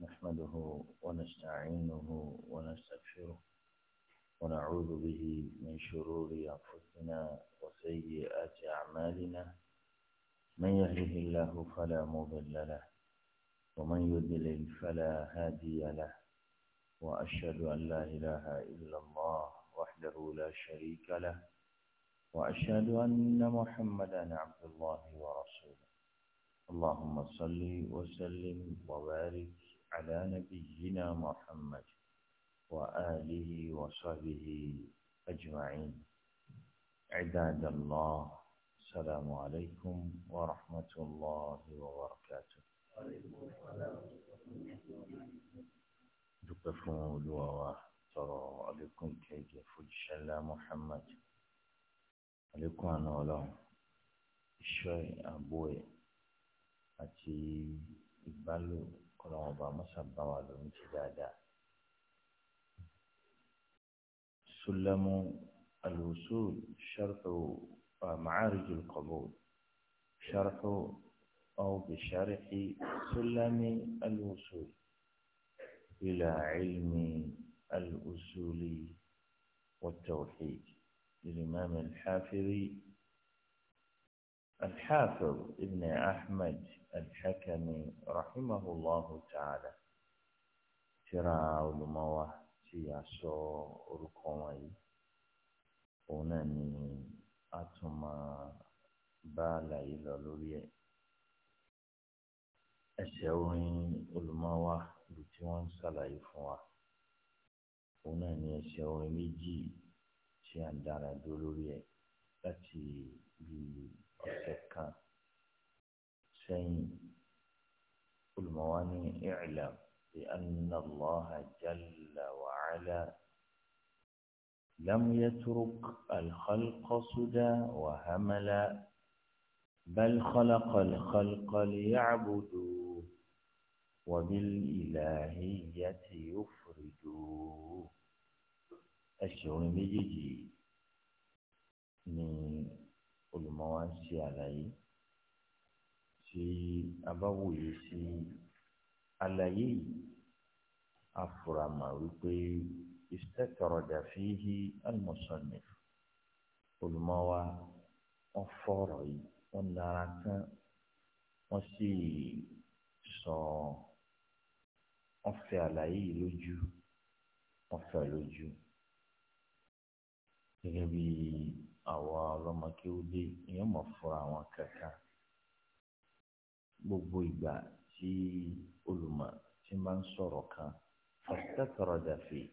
نحمده ونستعينه ونستغفره ونعوذ به من شرور أنفسنا وسيئات أعمالنا من يهده الله فلا مضل له ومن يضلل فلا هادي له وأشهد أن لا إله إلا الله وحده لا شريك له وأشهد أن محمدا عبد الله ورسوله اللهم صل وسلم وبارك على نبينا محمد وآله وصحبه أجمعين عباد الله السلام عليكم ورحمة الله وبركاته dúpẹ́ fún olúwa wa tọrọ àlékún kẹjẹ fòjíṣẹ́ ńlá muhammad àlékún àna ọlọ́run iṣẹ́ ààbò ẹ̀ àti ìbálò سلم الوصول شرط معارج القبول شرح أو بشرح سلم الوصول إلى علم الأصول والتوحيد للإمام الحافظ الحافظ ابن أحمد الحكمي رحمه الله تعالى ترى علماء سياسة ركوعي ونني أتما بالا إلى لوري أسوين علماء بتوان سلايفوا أنني أسوين ميجي سيان دولوري أتي بي السكان شيء الموانئ اعلم بأن الله جل وعلا لم يترك الخلق سدى وهملا بل خلق الخلق ليعبدوا وبالإلهية يفردوا الشيء من olùmọ̀ wa ń ṣe àlàyé tí a bá wòye sí àlàyé yìí a fura mà wípé istẹ́tọ̀rọ̀dà fíhí al-musannif olùmọ̀ wa wọ́n fọ̀rọ̀ yìí wọ́n nara tán wọ́n sì sọ wọ́n fẹ́ àlàyé yìí lójú wọ́n fẹ́ lójú gẹ́gẹ́ bíi. àwọn ọlọ́mọkéwúdé èèyàn mọ̀ fúnra wọn kankan gbogbo ìgbà tí olùmọ̀ ti máa ń sọ̀rọ̀ kan fàtẹ́tọ̀rọ̀ dàfẹ́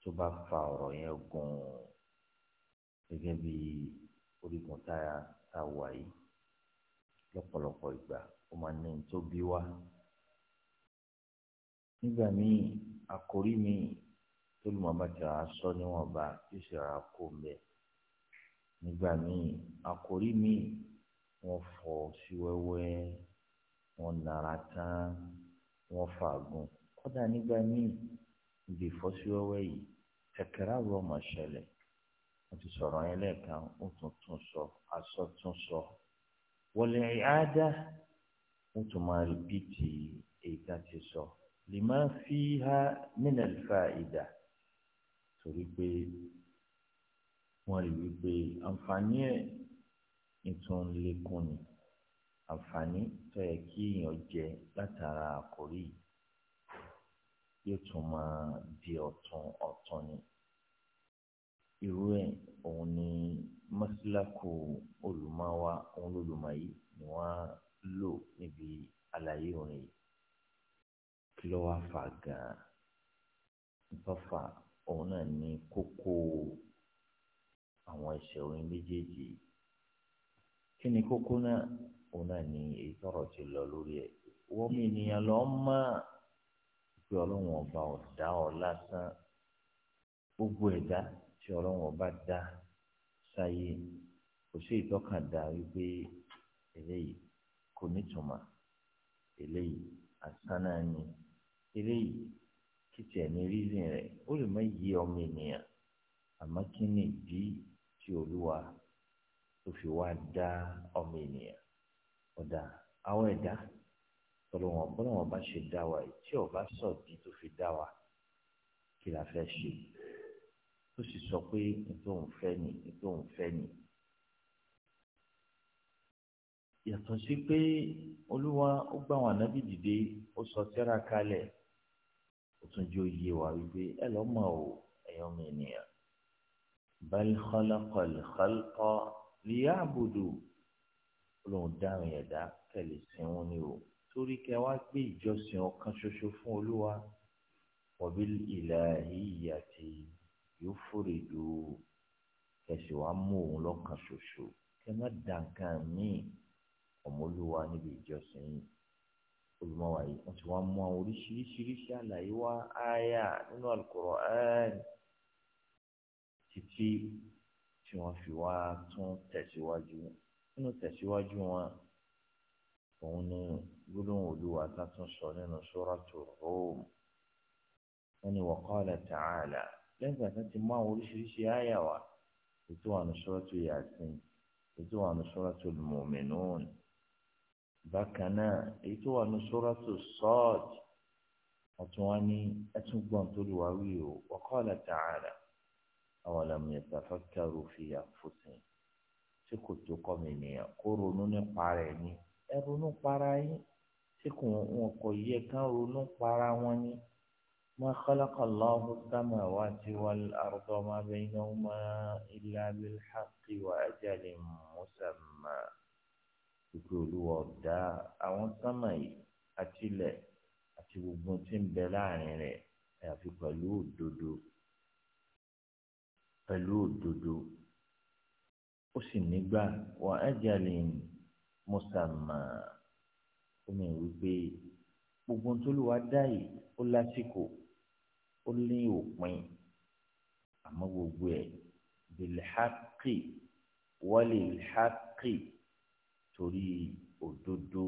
tó bá fa ọ̀rọ̀ yẹn gùn gẹ́gẹ́ bí orígun táyà tá a wà yìí lọ́pọ̀lọpọ̀ ìgbà ó máa ní ní tó bí wá. nígbà míì àkórí míì tó lùmọ̀ bá ti rà nígbà míì àkórí míì wọ́n fọ́ sí wẹ́wẹ́ wọ́n nara tán wọ́n fàgùn kódà nígbà míì ibi ìfọ́sí wẹ́wẹ́ yìí kẹ̀kẹ́rẹ́ àwọn ọmọ ṣẹlẹ̀ wọ́n ti sọ̀rọ̀ yẹn lẹ́ẹ̀kan ó tún tún sọ aṣọ tún sọ wọlé àádá ó tún máa rìpíìtì èyí tá a ti sọ lè máa fi ha mínàlífà ìdá torí pé wọ́n rí wípé àǹfààní ẹ̀ ìtún lékún ni àǹfààní tó yẹ kí èèyàn jẹ látara àkórí yóò tún máa di ọ̀tún ọ̀tún ni irú ẹ̀ òun ni mọ́sílákù olùmọ́wá òun lolùmọ̀ ni wọ́n lò níbi àlàyé orin kí ló wá fà gan-an ìtọ́fà òun náà ní kókó àwọn ẹsẹ̀ orin méjèèjì yìí kí ni kókó náà òun náà ni èyí tọrọ ti lọ lórí ẹ wọ́n mi ènìyàn lọ mọ́ pé ọba ọ̀dá ọ lásán gbogbo ẹ̀dá tí ọlọ́run ọba dá sáyé kò sí ìtọ́kàndá wípé eléyìí kò eléyìí asán náà ni eléyìí ní ó lè má yí ọmọ ènìyàn kí ni ìdí tí olúwa tó fi wá dá ọmọ ènìyàn ọ̀dà àwọn ẹ̀dá tọ́lọ́wọ́n bọ́lọ́wọ́n bá ṣe dá wa tí ọba sọ̀dí tó fi dá wa kí la fẹ́ ṣe tó sì sọ pé nítorí òun fẹ́ ni nítorí òun fẹ́ ni yàtọ̀ sí pé olúwa ó gbà wọn ànábì dìde ó sọ tẹ́ra kalẹ̀ ó tún jẹ́ òye wa wípé ẹ lọ́ mọ̀ ọ́ ẹ̀yọ́ mi nìyẹn bal khalaqal khalqa liya'budu lóun dáhùn ẹ̀dá kẹlẹ sẹwọn ni o torí kẹ wá gbé ìjọsìn ọ̀kan ṣoṣo fún olúwa wabil ilahiyyati yufridu kẹsì wàá mú òun lọ́kàn ṣoṣo kẹ má dà nǹkan míì ọmọlúwa níbi ìjọsìn yìí olùmọwàyí wọn ti wá mú àwọn oríṣiríṣiríṣi àlàyé wá áyà nínú Al-Qur'an ẹẹ títí tí wọ́n fi wá tún tẹ̀síwájú nínú tẹ̀síwájú wọn òun ni gbólóhùn olúwa tá a tún sọ nínú sóràtò róòmù wọn ni waqala ta'ala lẹ́yìn ìgbà tó ti mú àwọn oríṣiríṣi àyà wa ètò àwọn sóràtò yàtìn ètò àwọn sóràtò mu'minun bákan náà èyí tó sóràtò sọ́ọ̀d ọ̀tún wa ní ẹtún tó lù wá wí o waqala ta'ala. أولم يتفكروا في أنفسهم tí kò tó kọ́ mi nìyẹn kó ronú nípa rẹ̀ ni ẹ ronú para yín tí kò wọn kò yẹ kán ronú para wọn ni ma khalaqa Allahu samawati wal arda wa ma baynahuma illa bil haqqi wa ajalin musamma ìpè olúwa ọ̀dà àwọn sámà yìí àtilẹ̀ àti gbogbo tí ń bẹ láàrin rẹ̀ àyàfi pẹ̀lú òdodo pẹ̀lú òdodo ó sì nígbà wà ajalin musamma ó ní wípé gbogbo ntòlúwa dá yìí ó lásìkò ó ní òpin àmọ́ gbogbo ẹ̀ bilhaqi walilhaqi torí òdodo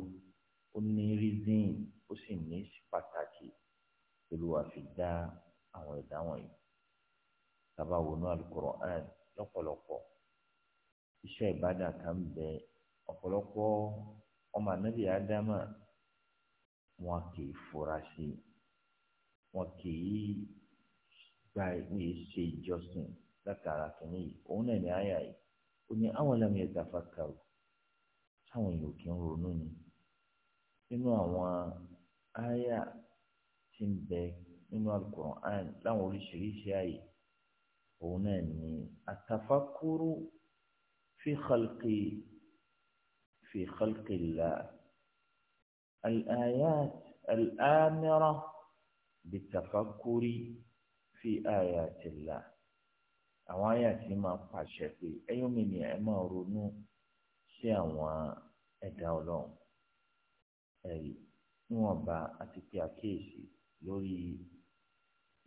ó ní rizin ó sì ní pàtàkì olúwa fi dá àwọn ẹ̀dá wọ̀nyí. sábà wọnú alukoran lọ́pọ̀lọpọ̀ iṣẹ́ ibada kan bẹ ọ̀pọ̀lọpọ̀ ọmọ anabi adama wọn kì í fura sí wọn kì í gba ìwé ṣe ìjọsìn látara kìíní yìí òun náà ní àyà yìí ó ní àwọn ẹlẹ́mi ẹ̀dá fàkàrù táwọn èèyàn kì í ronú ni nínú àwọn àyà tí ń bẹ nínú láwọn oríṣiríṣi àyè. òun náà ni àtàfàkúrú fi xalqi fi xalqi la al-ayat al-amira bitafakuri fi ayati la àwọn àyà tí máa pàṣẹ pé ẹyọmí ni ẹ máa ronú sí àwọn ẹ̀dá Ọlọ́run ẹ̀rí níwọ̀nba àti pé àkíyèsí lórí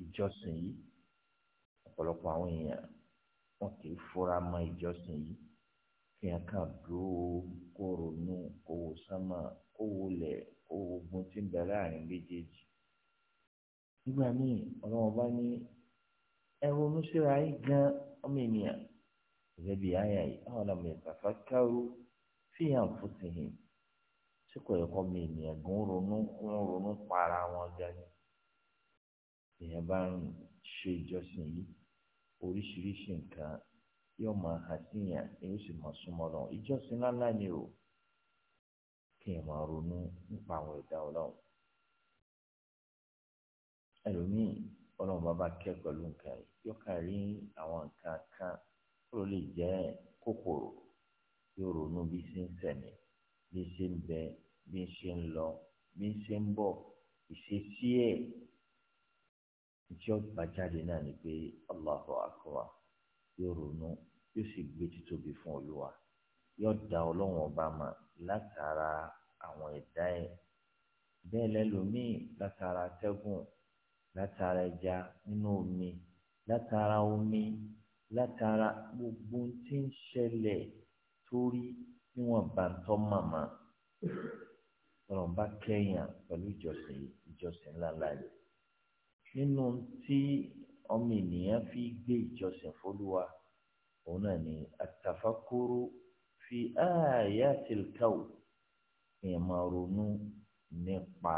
ìjọsìn yìí. ọ̀pọ̀lọpọ̀ àwọn èèyàn wọn kì í fura mọ́ ìjọsìn yìí fi hàn kàn dúró kó ronú kó wo sánmà kó wo lẹ̀ kó wo ogun tí ń bẹ láàrin méjèèjì. nígbà míì ọlọ́wọ́n bá ní ẹ síra yìí gan ọmọ ènìyàn àyà yìí àwọn fi hàn fún tìhìn tí kò yẹ kọ́ ọmọ ènìyàn gan para wọn gan ni bá ń ṣe ìjọsìn oríṣiríṣi nǹkan yóò máa hàn síyàn yóò sì máa súnmọ́ lọ ìjọsìn ńláńlá ni o kí n máa ronú nípa àwọn ẹ̀dá ọlọ́run ẹlòmíì ọlọ́run bàbá kẹ́ pẹ̀lú nǹkan yóò rí àwọn nǹkan kan tó lè jẹ́ kòkòrò tí ó gbà jáde náà ni pé Allahu akbar yóò ronú yóò sì gbé títóbi fún olúwa yóò da ọlọ́run ọba mọ̀ látara àwọn ẹ̀dá ẹ̀ bẹ́ẹ̀ lẹ́lòmíì látara atẹ́gùn látara ẹja nínú omi látara omi látara gbogbo tí ń ṣẹlẹ̀ torí níwọ̀n bá ń tọ́ màmá ọ̀rọ̀ bá kẹ́yìn pẹ̀lú ìjọsìn ìjọsìn ńláńlá yìí. nínú tí ọmọ ènìyàn fi gbé ìjọsìn fọlúwa òun náà ni àtàfàkúrú fi ààyè àtìlkáwò èèyàn máa ronú nípa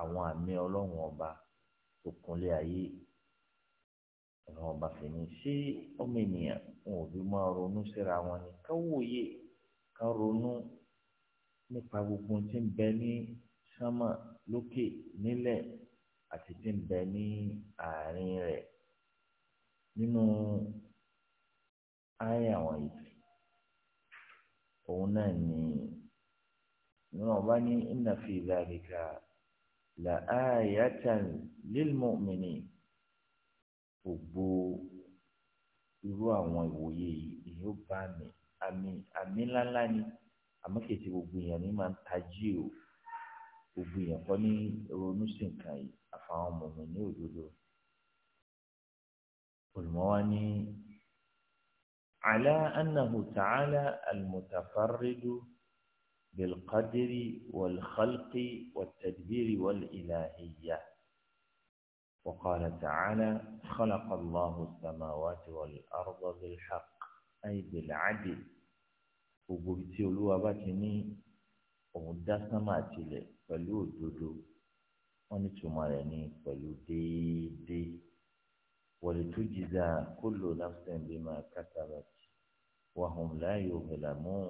àwọn àmì ọlọ́run ọba tó kúnlé ayé ọlọ́run ọba fi ní ṣé ọmọ ènìyàn wọn ò fi máa ronú síra wọn ni ká ká ronú nípa gbogbo tí ń àti tí ń bẹ ní àárín rẹ̀ nínú ayé àwọn yìí òun náà ni nínú ọba ní inna fi dhalika la ayatan lil mu'minin gbogbo irú àwọn ìwòye yìí yóò bá mi àmì àmì ńláńlá ni àmọ́ kìí ṣe gbogbo èèyàn ní máa ń tají o gbogbo èèyàn kọ́ ní ronú sí nǹkan yìí. àfàwọn mọ̀mìnì òdodo olùmọ́wání على أنه تعالى المتفرد بالقدر والخلق والتدبير والإلهية وقال تعالى خلق الله السماوات والأرض بالحق أي بالعدل وقلت له أباتني ومدى سماتي له pẹ̀lú òdodo wọ́n ní tùmọ̀ rẹ̀ ní pẹ̀lú déédéé wọlé tó jìzà kó lò nafsan bima kasabat wa hum la yuzlamun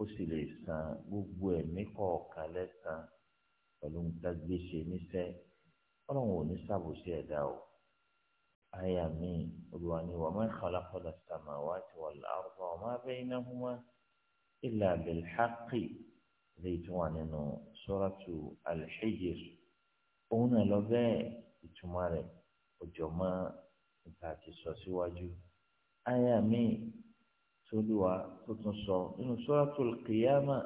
ó sì lè san gbogbo ẹ̀mí kọ̀ọ̀kan lẹ́san pẹ̀lú ntagbèsè níṣẹ́ ọlọ́run ò ní sàbòsí ẹ̀dá o àyà mi olùwà ni wa ma khalaqna samawati wal arda wa ma baynahuma illa bil haqqi lè tún wà nínú suratu al òun náà lọ bẹ́ẹ̀ ìtumọ̀ rẹ̀ òjò mọ́ nípa ti sọ síwájú. Aya mi tóluwa tó tún sọ nínú Suratul Qiyamah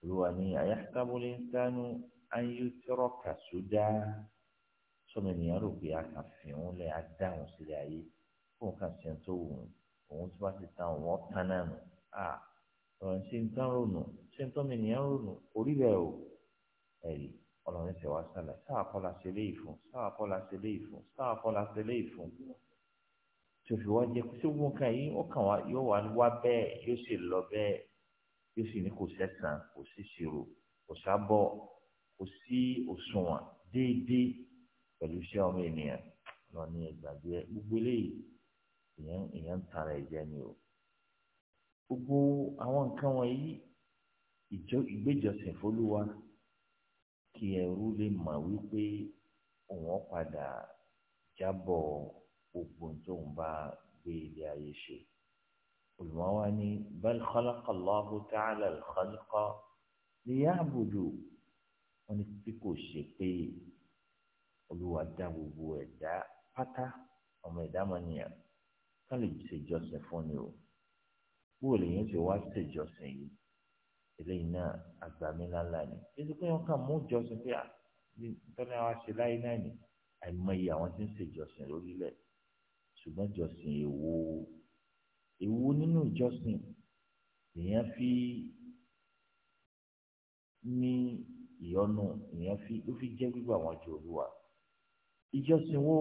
olùwà ní ayahsabu al-insanu an yutraka suda sọmọ ènìyàn rò pé a kàn fi òun lẹ adáhùn sílẹ̀ ayé fóun kàn sí ẹni tó wù ú òun tí wọ́n ti tan òun ọ̀tán náà nù à ọ̀rọ̀ ṣe ń tán rònú ṣe ń tán mi ènìyàn rònú orí bẹ́ẹ̀ o ẹ̀rí ọlọ́run ṣe wá sálẹ̀ sáà kọ́lá ṣe léyìí fún sáà kọ́lá ṣe léyìí fún sáà kọ́lá ṣe léyìí fún tòfì wá jẹ sí wọn kan yìí wọn kàn wá yóò wá wá bẹ́ẹ̀ yóò sì lọ bẹ́ẹ̀ yóò sì ní kò sẹsàn kò sí ṣirò kò sábọ kò sí òṣùwọ̀n déédéé pẹ̀lú iṣẹ́ ọmọ ènìyàn lọ ní ìgbàgbé gbogbo eléyìí èèyàn èèyàn ń tara ẹ̀jẹ̀ ni o gbogbo àwọn nǹkan wọ̀nyí ìjọ ìgbéjọsìn fọlúwa kí ẹrú lè mọ̀ wípé òun padà jábọ̀ gbogbo tóun bá gbé ilé ayé ṣe. olùmọ́wá ní bal khalaqa Allahu ta'ala al-khalqa liya'budu wọn ni tí kò ṣe pé olúwa dá gbogbo ẹ̀dá pátá ọmọ ẹ̀dá mọ́nìyàn ká lè fún ni o bó lèyìn ṣe wá ṣèjọsìn yìí eléyìí náà àgbàmí ńláńlá ni títí pé wọn kàn mú ìjọsìn pé tọ́ni àwa ṣe láyé náà ni àìmọye àwọn tí ń ṣe ìjọsìn lórílẹ̀ ṣùgbọ́n ìjọsìn èwo èwo nínú ìjọsìn èèyàn fi ní ìyọnu èèyàn fi ó fi jẹ́ gbígbà wọn ju olúwa ìjọsìn wo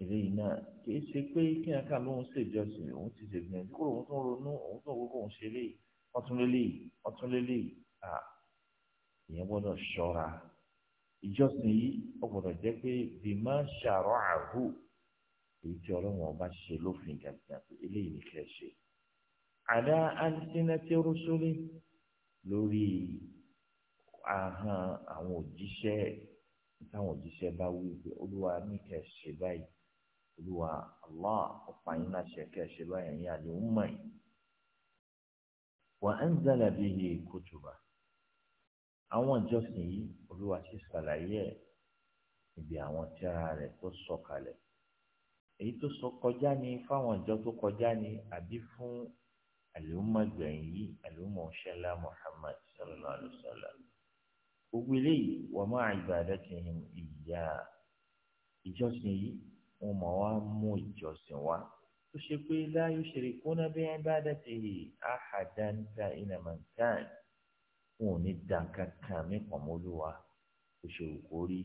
eléyìí náà kìí ṣe pé kí n kà lóun ṣèjọsìn òun ti ṣègbìyànjú kó òun tó ń ronú òun tó ń wọ́pọ̀ òun ṣe eléyìí ọtúnlélẹ ọtúnlélẹ à ìyẹn gbọ́dọ̀ ṣọ́ra ìjọsìn yìí ó gbọ́dọ̀ jẹ́ pé bímọ ṣàrọ àhù èyí tí Ọlọ́run ọba ṣe lófin gàdìgàn pé eléyìí ní kẹ ṣe àdá àǹtínẹtì rúṣúlẹ lórí ahọ́n àwọn òjíṣẹ́ táwọn òjíṣẹ́ bá wí pé olúwa ní kẹ ṣe báyìí olúwa allah ọ̀pá yín láṣẹ kẹ ṣe báyìí ẹ̀yin àdéhùn mọ̀ yìí wa anzala bihi kutuba àwọn ìjọsìn yìí olúwa ti ṣàlàyé ẹ̀ níbi àwọn tíra rẹ̀ tó sọ kalẹ̀ èyí tó sọ kọjá ni fáwọn ìjọ tó kọjá ni àbí fún àlùmọ̀ yìí àlùmọ̀ Muhammad sallallahu alayhi wa sallam gbogbo eléyìí wa ma'a ibadatihim iyyah ìjọsìn yìí wọn mọ̀ wá mú ìjọsìn wá tó ṣe pé la yushrikuna bi ibadatihi ahadan kaina man kan wọn ò ní dàn kankan mí pọ̀ mọ́ Olúwa tó ṣe òkú rí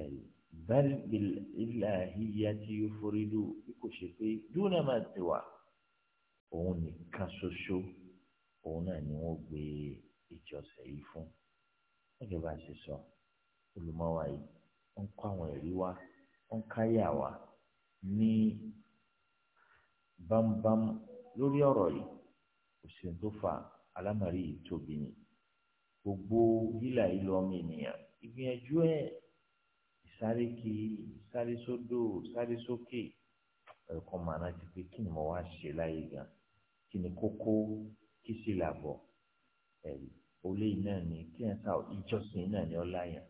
ẹ̀rí bal bil ilahiyati yufuridu bí kò ṣe pé dúnà máa ti wà òun nìkan ṣoṣo òun náà ni wọ́n gbé ìjọsẹ̀ yìí fún gẹ́gẹ́ bá a ṣe sọ olùmọwà yìí wọ́n kọ àwọn ẹ̀rí wa wọ́n káyà wa ní bámúbámú lórí ọ̀rọ̀ yìí òṣèlú tó fa alámàrí yìí tóbi ni gbogbo yílà yìí lọ ọmọ ènìyàn ìgbìyànjú ẹ ìsáré kiri ìsáré sódò ìsáré sókè ẹ̀kọ́ màánà ti pé kí ni mo wá ṣe láyé gan kí ni kókó kí sì làbọ̀ ẹ̀rí olè náà ni kí ẹ̀ sá ìjọsìn náà ni ọ láyàn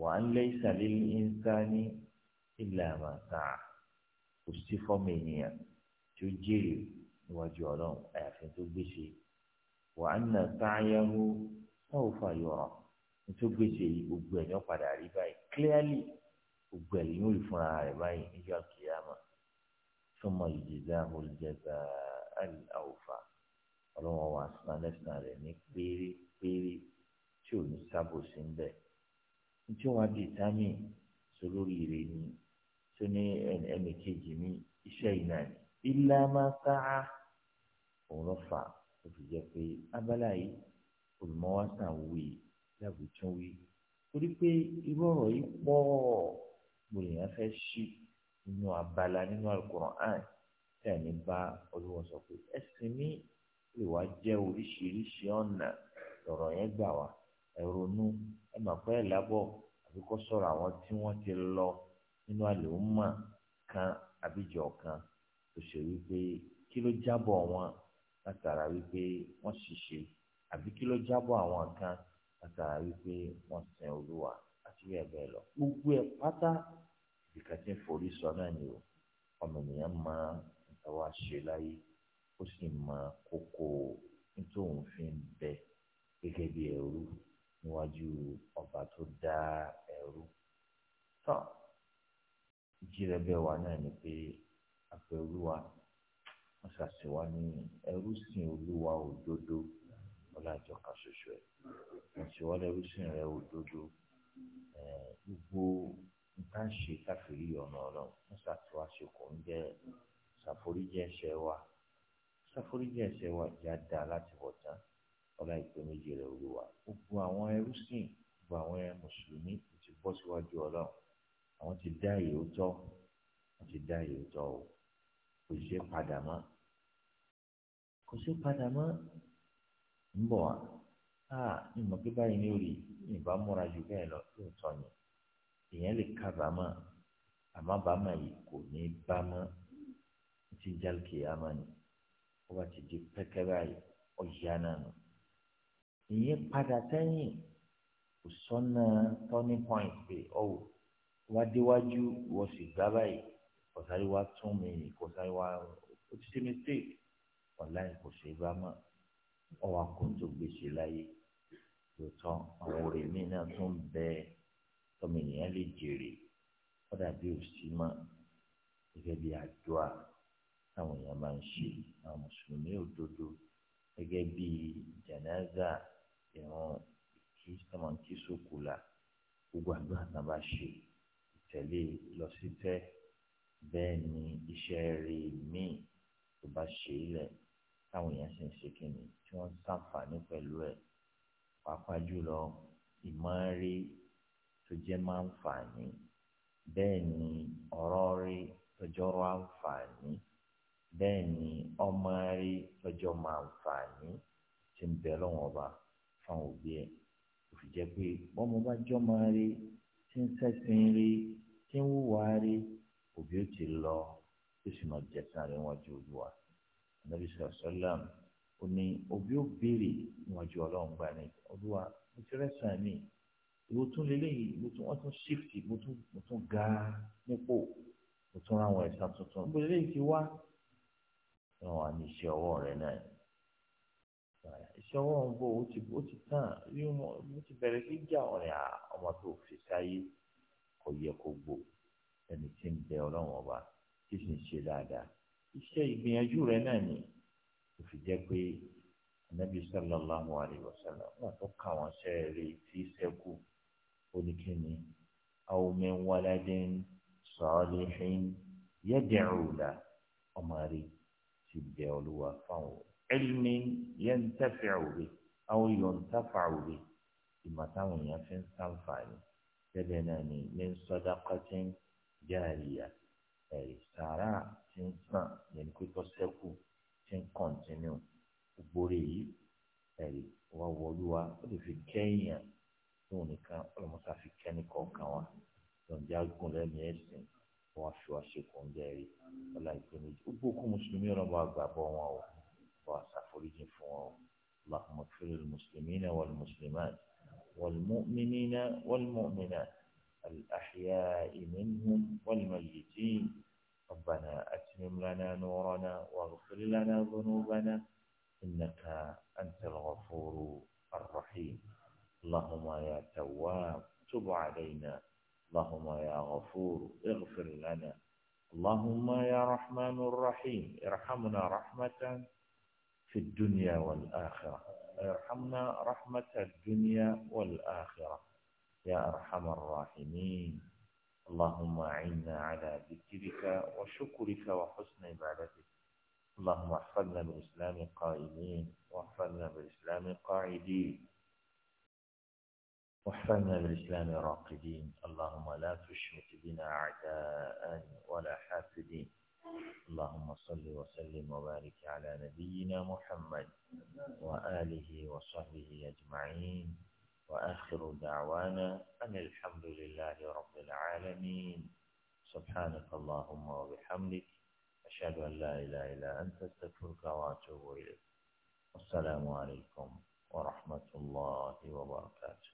wà á ń lé ìsàlẹ̀ ní ìsá ní ìlànà sáà kò sí fọ́ọ̀mù ènìyàn. tí ó jèrè níwájú ọlọ́run àyàfi tó gbèsè wà á nà sáyáwó sáwùfà yọrọ tó gbèsè yìí gbogbo ní ọ̀padà rí báyìí clearly gbogbo ẹ̀ yóò rí fúnra rẹ̀ báyìí níjọ́ kìyàmà sọmọ ìjìdá olùjẹta àwòfà ọlọ́wọ́ wa sàn ní tí ò ní sábòsí tí di sọ lórí ilá máa sáá òun ló fà ó fi jẹ́ pé abala yìí olùmọwásà wí lábùtún wí torí pé irú ọ̀rọ̀ yìí pọ̀ gbòòyàn fẹ́ ṣí nínú abala nínú alukur'an tẹ̀ ní bá olúwa sọ pé ẹ̀sìn mi lè wá jẹ́ oríṣiríṣi ọ̀nà lọ̀rọ̀ yẹn gbà wá ẹ̀rọnú ẹ̀ mà pẹ́ lábọ̀ àbí kó sọ̀rọ̀ àwọn tí wọ́n ti lọ nínú àlèhùnmá kan àbíjọ kan tó ṣe wípé kí ló jábọ̀ wọn látara wípé wọ́n ṣìṣe àbí kí ló jábọ̀ àwọn kan látara wípé wọ́n sin olúwa àti bẹ́ẹ̀ bẹ́ẹ̀ lọ gbogbo ẹ̀ pátá ìkà tí ń forí sọ náà ni o ọmọ ènìyàn máa ń tàwa ṣe láyé ó sì máa kókó nítòun fi ń bẹ gẹ́gẹ́ bí ẹrú níwájú ọba tó dá ẹrú tán jíra bẹ́ẹ̀ náà ni pé àpẹ olúwa wọn ṣàṣewá ní ẹrú sìn olúwa òdodo ọlájọ kan ṣoṣo ẹ wọn ṣèwá lẹrú sìn rẹ òdodo ẹ gbogbo nǹkan ṣe káfíìrì ọ̀nà ọ̀nà wọn ṣàṣewá ṣe kò ń jẹ ṣàforíjẹ ẹ̀ṣẹ̀ wa ṣàforíjẹ ẹ̀ṣẹ̀ wa ìyá da láti wọ̀ tán ọlá ìpè méjì rẹ olúwa gbogbo àwọn ẹrú sìn gbogbo àwọn mùsùlùmí ti bọ́ síwájú ọlọ́run àwọn ti dá èyí ó ti dá èyí o kò ṣe padà mọ́ kò ṣe padà mọ́ ń bọ̀ wá a ìmọ̀ pé báyìí ní orí ìbá múra ju bẹ́ẹ̀ lọ lóòótọ́ ni èèyàn lè kábàámọ̀ àmọ́ bàámọ̀ yìí kò ní bá mọ́ ti jálùkì àmọ́ ni ó bá ti di pẹ́kẹ́ báyìí ọ̀yá náà nù ìyẹn padà sẹ́yìn kò sọ́nà turning point pé ọ̀wọ́ wá déwájú wọ́n sì gbá báyìí kò sáré wá tún mi kò sáré wá ó ti ṣe mistake ọ̀la kò ṣe é bá mọ̀ ọwọ́ akóńtó gbèsè láyé lóòótọ́ àwọn ọ̀rẹ́ mi náà tún bẹ ọmọ ènìyàn lè jèrè ó dàbí òsì mọ́ gẹ́gẹ́ bí àdúrà táwọn èèyàn máa ń ṣe àwọn mùsùlùmí òdodo gẹ́gẹ́ bí jẹ̀nẹ́zà ìrun kí sọ́mọ́n kí sókòlà gbogbo àdúrà náà bá ṣe ìtẹ̀lé lọ sí tẹ́ẹ̀ bẹ́ẹ̀ ni iṣẹ́ rí míì tó bá ṣe é lẹ̀ táwọn èèyàn sì ń ṣe kíni tí wọ́n ń ṣàǹfààní pẹ̀lú ẹ̀ pàápàá jùlọ ìmọ̀ọ́rí tó jẹ́ máa ń fààní bẹ́ẹ̀ ni ọ̀rọ̀ rí tọjọ́rọ̀ àǹfààní bẹ́ẹ̀ ni ọmọ rí tọjọ́ máa ń fààní tí ń bẹ lọ́wọ́ ọba fáwọn òbí ẹ̀ kò fi jẹ́ pé bọ́mọ bá jọ́ máa rí tí ń sẹ́sìn rí tí ń wùwà rí òbí ó ti lọ ó sì máa jẹ sáré wájú olúwa anabi sàlám ó ní òbí ó béèrè níwájú ọlọ́run gbà ní olúwa mo ti rẹ́sàn mi ìwọ tún lélẹ́yìí mo tún wọ́n tún ṣífìtì mo tún mo tún ga nípò mo tún ráwọn ẹ̀sà tuntun bó lélẹ́yìí ti wá wọn wà ní iṣẹ́ ọwọ́ rẹ náà iṣẹ́ ọwọ́ ń bọ̀ ó ti ó ti tán rí mo ti bẹ̀rẹ̀ sí jà ọ̀rẹ́ ọmọ tó fi sáyé kò yẹ kó gbó ẹni tí ń bẹ ọlọ́run ọba tí sì ń ṣe dáadáa iṣẹ́ ìgbìyànjú rẹ náà ni kò fi jẹ́ pé anabi sallallahu alayhi wa sallam wọn tó ka wọn ṣe rí tí sẹ́kù oníkẹ́ni aw min waladin salihin yad'u la ọmọ rí ti bẹ olúwa fáwọn ilmin yantafi'u bi aw yuntafa'u bi ìmọ̀ táwọn èèyàn fi ń sàǹfààní bẹ́ẹ̀ náà ni min sadaqatin jàríyà ẹ̀rí sàárà ti ń sàn yẹn ni pé tó sẹ́kù ti ń kọ̀ntínú gbogbo rẹ̀ yìí ẹ̀rí wà wọlúwa ó lè fi kẹ́yìn tóun nìkan ọlọ́mọta fi kẹ́ni kọ̀ọ̀kan wa lọ́njà gùn lẹ́mìí ẹ̀sìn wọn fi wá ṣe kún jẹ́rìí ọlá ìpèníjì ó gbókùn mùsùlùmí ọlọ́mọ àgbàbọ̀ wọn o wọn àṣàforíjì fún wọn o اللهم اغفر للمسلمين والمسلمات والمؤمنين والمؤمنات الأحياء منهم والميتين ربنا أتمم لنا نورنا واغفر لنا ذنوبنا إنك أنت الغفور الرحيم اللهم يا تواب تب علينا اللهم يا غفور اغفر لنا اللهم يا رحمن الرحيم ارحمنا رحمة في الدنيا والآخرة ارحمنا رحمة الدنيا والآخرة يا أرحم الراحمين اللهم أعنا على ذكرك وشكرك وحسن عبادتك اللهم احفظنا بالإسلام قائمين واحفظنا بالإسلام قاعدين واحفظنا بالإسلام راقدين اللهم لا تشمت بنا أعداء ولا حاسدين اللهم صل وسلم وبارك على نبينا محمد وآله وصحبه أجمعين وآخر دعوانا أن الحمد لله رب العالمين سبحانك اللهم وبحمدك أشهد أن لا إله إلا أنت استغفرك وأتوب إليك والسلام عليكم ورحمة الله وبركاته